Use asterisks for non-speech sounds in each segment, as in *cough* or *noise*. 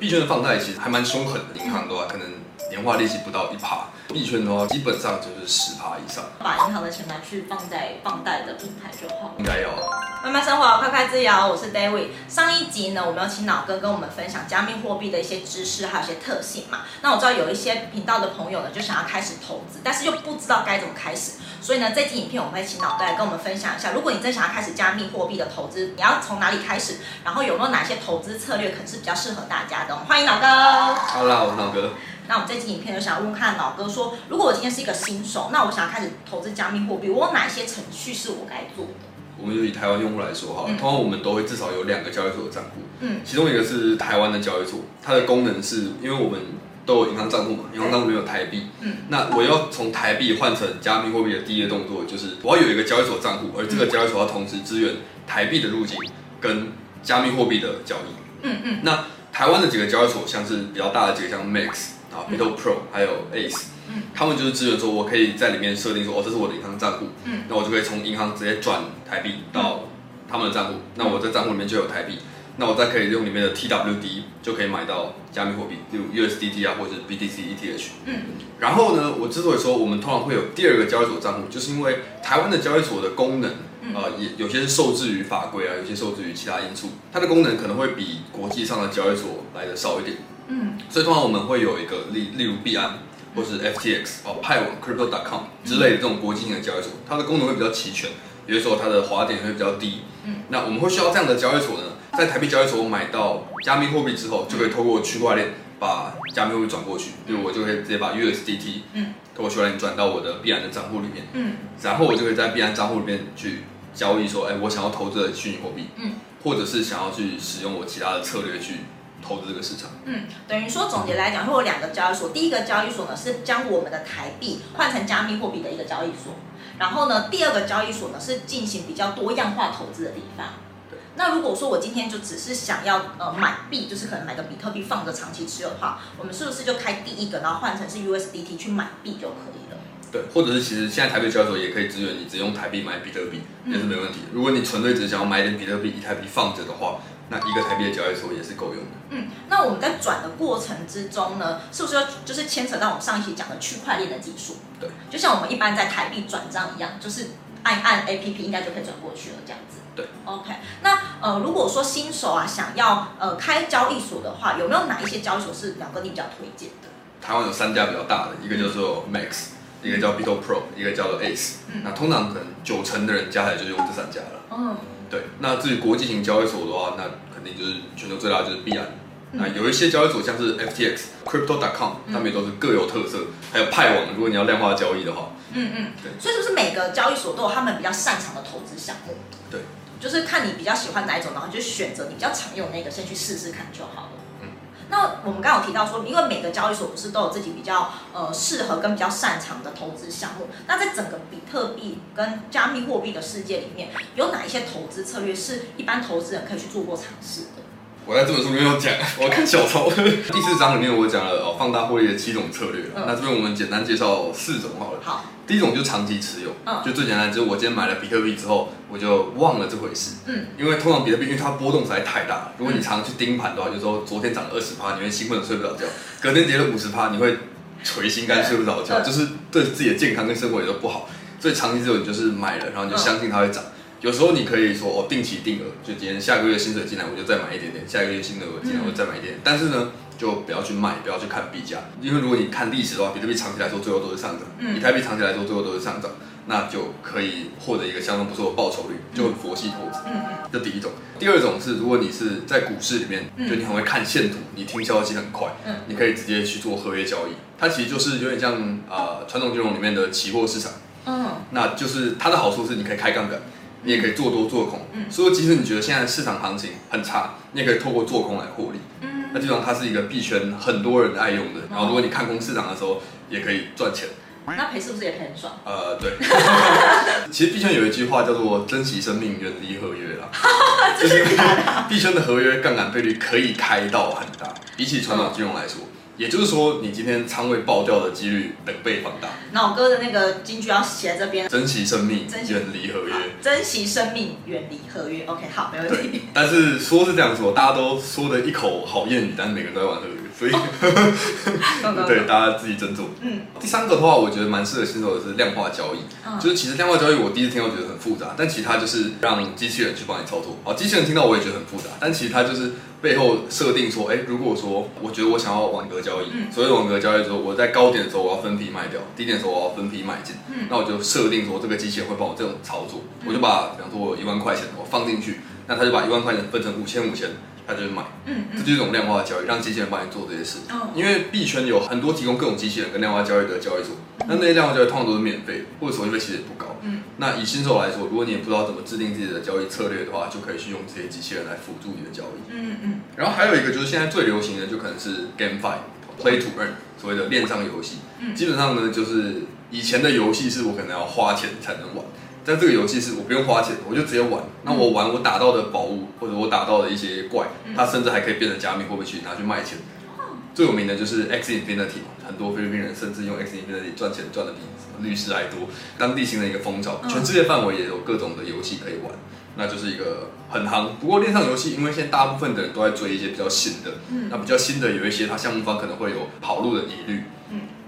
幣圈的放貸其實還蠻兇狠的，銀行的話可能。年化利息不到一趴，幣圈的話基本上就是十趴以上。把銀行的錢拿去放在放貸的平台就好了。應該有慢慢生活，快快自由。我是 David。上一集呢，我們有請老哥跟我們分享加密貨幣的一些知識，還有一些特性嘛。那我知道有一些頻道的朋友呢，就想要開始投資，但是又不知道該怎麼開始。所以呢，這集影片我們會請老哥來跟我們分享一下，如果你真想要開始加密貨幣的投資，你要從哪裡開始？然後有沒有哪些投資策略可能是比較適合大家的哦？歡迎老哥。Hello，老哥。那我們這集影片就想要問，問看老哥說，如果我今天是一個新手，那我想要開始投資加密貨幣，我有哪些程序是我該做的？我們就以台灣用戶來說哈、嗯，通常我們都會至少有兩個交易所的賬戶，嗯，其中一個是台灣的交易所，它的功能是，因為我們都有銀行賬戶嘛，銀行賬戶沒有台幣，嗯，那我要從台幣換成加密貨幣的第一個動作，就是我要有一個交易所賬戶，而這個交易所要同時支援台幣的入境跟加密貨幣的交易，嗯嗯，那台灣的幾個交易所，像是比較大的幾個，像 MAX。啊 BitoPro，、嗯、還有 Ace，、嗯、他們就是支援說，我可以在裡面設定說，哦，這是我的銀行賬戶，嗯、那我就可以從銀行直接轉台幣到他們的賬戶，、嗯那賬戶嗯，那我在賬戶裡面就有台幣，那我再可以用裡面的 TWD 就可以買到加密貨幣，例如 USDT 啊，或者是 BTC、ETH。嗯，然後呢，我之所以說我們通常會有第二個交易所賬戶，就是因為台灣的交易所的功能，呃，也有些是受制於法規啊，有些受制於其他因素，它的功能可能會比國際上的交易所來的少一點。嗯，所以通常我們會有一個例，例如幣安、嗯、或是 FTX 哦、哦派網 crypto.com 之類的這種國際性的交易所，它的功能會比較齊全，嗯，有的時候它的滑點會比較低。嗯，那我們會需要這樣的交易所呢，在台幣交易所我買到加密貨幣之後、嗯，就可以透過區塊鏈把加密貨幣轉過去，就、嗯、我就可以直接把 USDT 嗯透過區塊鏈轉到我的幣安的賬戶裡面。嗯，然後我就可以在幣安賬戶裡面去交易，說，哎、欸，我想要投資的虛擬貨幣，嗯，或者是想要去使用我其他的策略去。投資這個市場，嗯，等於說總結來講，會有兩個交易所。第一個交易所呢是將我們的台幣換成加密貨幣的一個交易所，然後呢，第二個交易所呢是進行比較多樣化投資的地方。對，那如果說我今天就只是想要呃買幣，就是可能買個比特幣放着長期持有的話，我們是不是就開第一個，然後換成是 USDT 去買幣就可以了？對，或者是其實現在台幣交易所也可以支援你只用台幣買比特幣，也是沒問題的。嗯。如果你純粹只想要買點比特幣、以台幣放着的話。那一個台幣的交易所也是夠用的。嗯，那我們在轉的過程之中呢，是不是就是牽扯到我們上一期講的區塊鏈的技術？對，就像我們一般在台幣轉賬一樣，就是按按 APP 應該就可以轉過去了，這樣子。對，OK 那。那呃，如果說新手啊想要呃開交易所的話，有沒有哪一些交易所是兩個你比較推薦的？台灣有三家比較大的，一個叫做 MAX。一個叫 BitoPro，一個叫做 Ace，、嗯、那通常可能九成的人加起來就是用這三家了。嗯，對。那至於國際型交易所的話，那肯定就是全球最大就是幣安、嗯。那有一些交易所像是 FTX Crypto .com,、嗯、Crypto.com，他們也都是各有特色。還有派網，如果你要量化交易的話，嗯嗯，對。所以是不是每個交易所都有他們比較擅長的投資項目？對，就是看你比較喜歡哪一種，然後就選擇你比較常用的那個，先去試試看就好了。嗯。那我們剛剛有提到說，因為每個交易所不是都有自己比較呃適合跟比較擅長的投資項目。那在整個比特幣跟加密貨幣的世界裡面，有哪一些投資策略是一般投資人可以去做過嘗試的？我在這本書裡面有講，我要看小抄。 *laughs* *laughs* 第四章裡面我講了哦，放大獲利的七種策略。嗯、那這邊我們簡單介紹四種好了。好，第一種就是長期持有，嗯、就最簡單，就是我今天買了比特幣之後，我就忘了這回事。嗯，因為通常比特幣因為它波動實在太大了，如果你常去盯盤的話、嗯，就是說昨天漲了二十趴，你會興奮的睡不着覺、嗯；隔天跌了五十趴，你會捶心肝睡不着覺、嗯，就是對自己的健康跟生活也都不好。所以長期持有你就是買了，然後你就相信它會漲。嗯有時候你可以說，我、哦、定期定額，就今天下個月薪水進來我就再買一點點，下個月薪水進來我，我就再買一點、點、嗯。但是呢，就不要去賣，不要去看比價，因為如果你看歷史的話，比特幣長期來說最後都是上漲，嗯，比特幣長期來說最後都是上漲，那就可以獲得一個相當不錯的報酬率，就佛系投資，嗯嗯，就第一種。第二種是，如果你是在股市裡面，就你很會看線圖，你聽消息很快，嗯，你可以直接去做合約交易，它其實就是有點像、呃、傳統金融裡面的期貨市場，嗯，嗯，那就是它的好處是你可以開槓桿。你也可以做多做空，嗯，所以即使你覺得現在市場行情很差，你也可以透過做空來獲利。嗯，那基本上它是一個幣圈很多人愛用的，嗯，然後如果你看空市場的時候也可以賺錢。那賠是不是也賠很爽？呃，對。 *laughs* 其實幣圈有一句話叫做“珍惜生命，遠離合約”啦 *laughs* 就是幣圈 *laughs* 假的， *laughs* 的合約槓桿倍率可以開到很大，比起傳統金融來說。嗯也就是說，你今天倉位爆掉的幾率等倍放大。那我哥的那個金句要寫在這邊：珍惜生命，遠離合約。嗯，珍啊。珍惜生命，遠離合約。OK，好，沒問題。但是說是這樣說，我大家都說的一口好諺語，但是每個人都在玩合約。所以，哦、 *laughs* 對、哦哦哦對哦、大家自己斟酌。嗯，第三個的話，我覺得蠻適合新手的是量化交易。嗯、哦，就是其實量化交易，我第一次聽到，我覺得很複雜。但其他就是讓機器人去幫你操作。哦，機器人聽到我也覺得很複雜。但其實它就是背後設定說，哎、欸，如果說我覺得我想要網格交易，嗯、所謂網格交易，說我在高點的時候我要分批賣掉，低點的時候我要分批買進。嗯，那我就設定說，這個機器人會幫我這種操作。嗯。我就把，比方說我有一萬塊錢，我放進去，那他就把一萬塊錢分成五千五千。他就是買，嗯，嗯，這就是一種量化的交易，讓機器人幫你做這些事、哦。因為幣圈有很多提供各種機器人跟量化交易的交易所，那、嗯、那些量化交易通常都是免費，或者手續費其實也不高。嗯，那以新手來說，如果你也不知道怎麼制定自己的交易策略的話，就可以去用這些機器人來輔助你的交易。嗯嗯，然後還有一個就是現在最流行的，就可能是 GameFi, play to earn，所謂的鏈上遊戲、嗯。基本上呢，就是以前的遊戲是我可能要花錢才能玩。但這個遊戲是我不用花錢，我就直接玩。那我玩我打到的寶物或者我打到的一些怪，它甚至還可以變成加密或者去拿去賣錢。最有名的就是 Axie Infinity，i n 很多菲律賓人，人甚至用 Axie Infinity i n 賺錢賺的比什麼律師還多，當地性的一個風潮。全世界範圍也有各種的遊戲可以玩，那就是一個很夯。不過線上遊戲，因為現在大部分的人都在追一些比較新的，那比較新的有一些它項目方可能會有跑路的疑慮，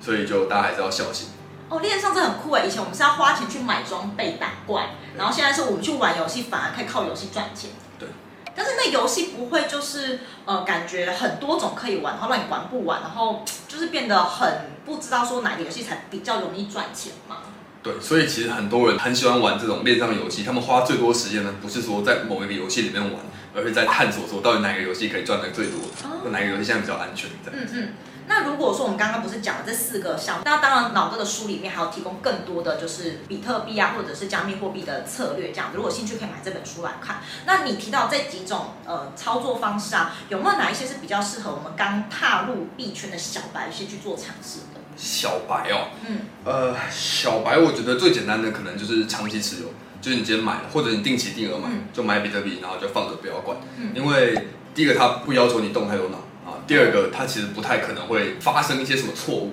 所以就大家還是要小心。哦，鏈上這很酷哎！以前我們是要花錢去買裝備打怪，然後現在是我們去玩遊戲，反而可以靠遊戲賺錢。對。但是那遊戲不會就是呃，感覺很多種可以玩，然後讓你玩不完，然後就是變得很不知道說哪個遊戲才比較容易賺錢嘛？對，所以其實很多人很喜歡玩這種鏈上遊戲，他們花最多時間呢，不是說在某一個遊戲裡面玩，而是在探索說到底哪個遊戲可以賺得最多，啊、哪個遊戲現在比較安全，這樣。嗯嗯。那如果說我們剛剛不是講了這四個項目，那當然老哥的書裡面還有提供更多的就是比特幣啊，或者是加密貨幣的策略這樣。如果有興趣可以買這本書來看。那你提到這幾種呃操作方式啊，有沒有哪一些是比較適合我們剛踏入幣圈的小白先去做嘗試的？小白哦，嗯，呃，小白我覺得最簡單的可能就是長期持有，就是你直接買，或者你定期定額買，嗯，就買比特幣，然後就放着不要管。嗯，因為第一個他不要求你動太多腦。第二個，它其實不太可能會發生一些什麼錯誤。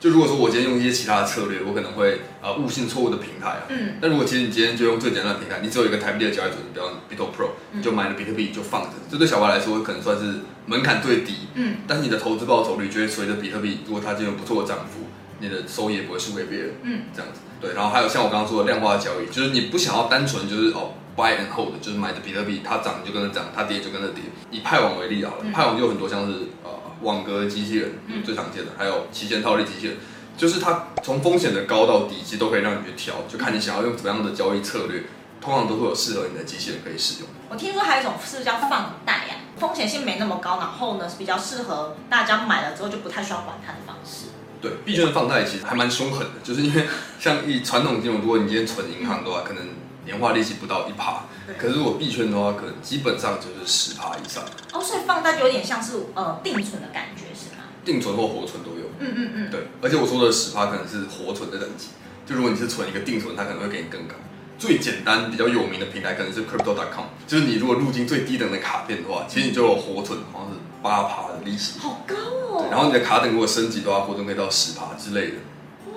就如果說我今天用一些其他的策略，我可能會呃誤信錯誤的平台啊。嗯。那如果其實你今天就用最簡單的平台，你只有一個台幣的交易組，你比方 BitoPro，就買了比特幣就放着。嗯。這對小白來說可能算是門檻最低。嗯。但是你的投資報酬率，就會隨着比特幣，如果它今天有不錯的漲幅，你的收益也不會輸給別人。嗯。這樣子。對。然後還有像我剛剛說的量化的交易，就是你不想要單純就是。哦。Buy and hold 就是買的比特幣，它漲就跟着漲，它跌就跟着跌。以派網為例啊、嗯，派網有很多像是呃網格機器人最常見的，嗯、還有期現套利機器人，就是它從風險的高到低，其實都可以讓你去調，就看你想要用怎麼樣的交易策略，通常都會有適合你的機器人可以使用。我聽說還有一種是不是叫放貸呀？啊，風險性沒那麼高，然後呢是比較適合大家買了之後就不太需要管它的方式。對，畢竟放貸其實還蠻凶狠的，就是因為像以傳統金融，如果你今天存銀行的話，嗯、可能。年化利息不到一趴，可是如果幣圈的話，可能基本上就是十趴以上。哦，所以放大就有點像是呃定存的感覺，是嗎？定存或活存都有。嗯嗯嗯。對，而且我說的十趴可能是活存的等級，就如果你是存一個定存，它可能會給你更高。最簡單比較有名的平台可能是 Crypto.com，就是你如果入金最低等的卡片的話，其實你就有活存，好像是八趴的利息。嗯，好高哦。對，然後你的卡等如果升級的話，活存可以到十趴之類的，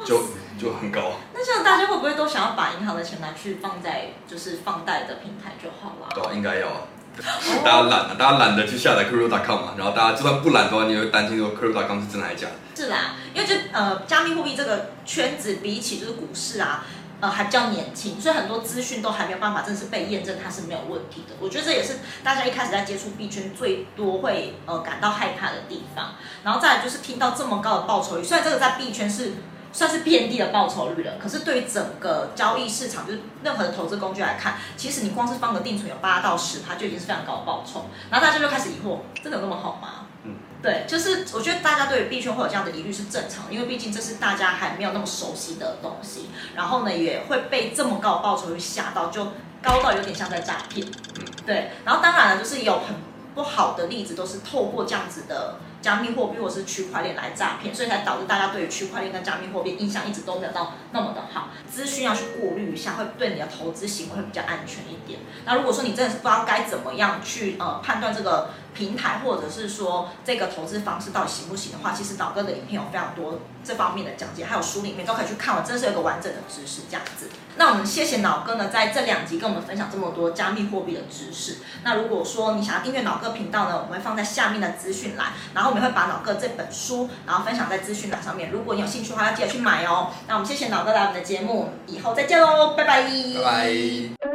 就就很高。像大家會不會都想要把銀行的錢拿去放在就是放貸的平台就好了？對，應該有 *laughs* 大家懶啊，大家懶得去下載 Crypto.com 嘛、啊，然後大家就算不懶的話，你也會擔心說 Crypto.com 是真的還是假？是啦，因為就呃加密貨幣這個圈子比起就是股市啊，呃還比較年輕，所以很多資訊都還沒有辦法正式被驗證，它是沒有問題的。我覺得這也是大家一開始在接觸幣圈最多會呃感到害怕的地方。然後再來就是聽到這麼高的報酬率，雖然這個在幣圈是。算是遍地的報酬率了，可是對於整個交易市場，就是任何的投資工具來看，其實你光是放個定存有八到十，它就已經是非常高的報酬。然後大家就開始疑惑，真的有那麼好嗎？嗯、對，就是我覺得大家對於幣圈會有這樣的疑慮是正常的，因為畢竟這是大家還沒有那麼熟悉的東西，然後呢也會被這麼高的報酬率嚇到，就高到有點像在詐騙。對，然後當然了，就是有很。不好的例子都是透過這樣子的加密貨幣或是區塊鏈來詐騙，所以才導致大家對於區塊鏈跟加密貨幣印象一直都沒有到那麼的好，資訊要去過濾一下，會對你的投資行為會比較安全一點。那如果說你真的是不知道該怎麼樣去呃判斷這個平台或者是說這個投資方式到底行不行的話，其實老哥的影片有非常多這方面的講解，還有書裡面都可以去看，我真是有個完整的知識這樣子。那我們謝謝老哥呢，在這兩集跟我們分享這麼多加密貨幣的知識。那如果說你想要訂閱老哥頻道呢，我們會放在下面的資訊欄，然後我們會把老哥這本書，然後分享在資訊欄上面。如果你有興趣的話，要記得去買哦。那我們謝謝老哥來我們的節目，以後再見嘍，拜拜。拜拜。